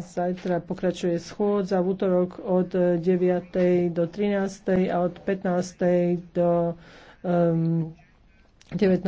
Zajtra pokračuje schôdza v útorok od 9. do 13. a od 15. do 19. Ehm,